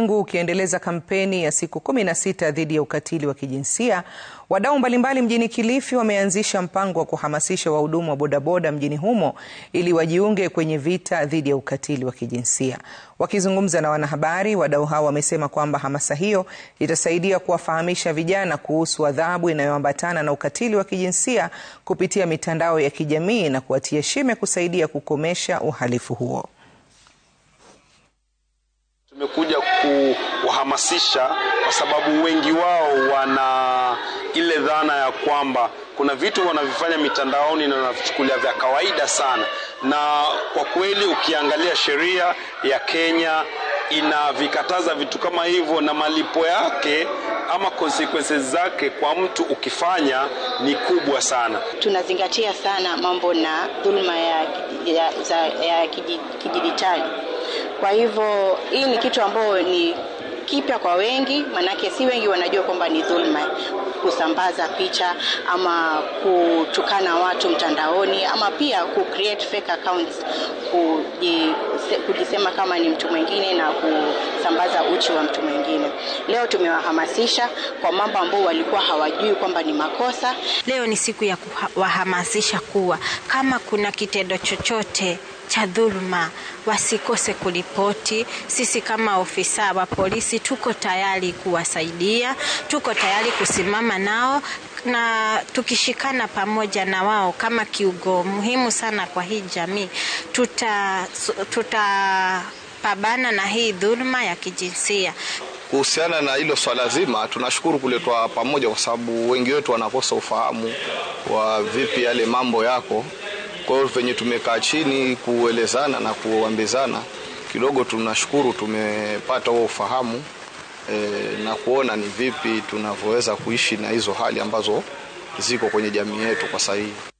Ulimwengu ukiendeleza kampeni ya siku kumi na sita dhidi ya ukatili wa kijinsia, wadau mbalimbali mjini Kilifi wameanzisha mpango wa kuhamasisha wahudumu wa bodaboda mjini humo ili wajiunge kwenye vita dhidi ya ukatili wa kijinsia. Wakizungumza na wanahabari, wadau hao wamesema kwamba hamasa hiyo itasaidia kuwafahamisha vijana kuhusu adhabu inayoambatana na ukatili wa kijinsia kupitia mitandao ya kijamii na kuwatia shime kusaidia kukomesha uhalifu huo kuja kuwahamasisha, kwa sababu wengi wao wana ile dhana ya kwamba kuna vitu wanavifanya mitandaoni na wanavichukulia vya kawaida sana, na kwa kweli ukiangalia sheria ya Kenya inavikataza vitu kama hivyo na malipo yake ama konsekwensi zake kwa mtu ukifanya ni kubwa sana. Tunazingatia sana mambo na dhuluma ya, ya, ya, ya kidijitali. Kwa hivyo hii ni kitu ambayo ni kipya kwa wengi, manake si wengi wanajua kwamba ni dhulma kusambaza picha ama kutukana watu mtandaoni ama pia ku create fake accounts kujisema kama ni mtu mwingine na kusambaza uchi wa mtu mwingine. Leo tumewahamasisha kwa mambo ambayo walikuwa hawajui kwamba ni makosa. Leo ni siku ya kuwahamasisha kuwa kama kuna kitendo chochote cha dhuluma wasikose kuripoti. Sisi kama ofisa wa polisi tuko tayari kuwasaidia, tuko tayari kusimama nao na tukishikana pamoja na wao kama kiungo muhimu sana kwa hii jamii tuta, tutapambana na hii dhuluma ya kijinsia. Kuhusiana na hilo swala zima, tunashukuru kuletwa pamoja, kwa sababu wengi wetu wanakosa ufahamu wa vipi yale mambo yako. Kwa hiyo venye tumekaa chini kuelezana na kuambizana kidogo tunashukuru tumepata huo ufahamu e, na kuona ni vipi tunavyoweza kuishi na hizo hali ambazo ziko kwenye jamii yetu kwa sahihi.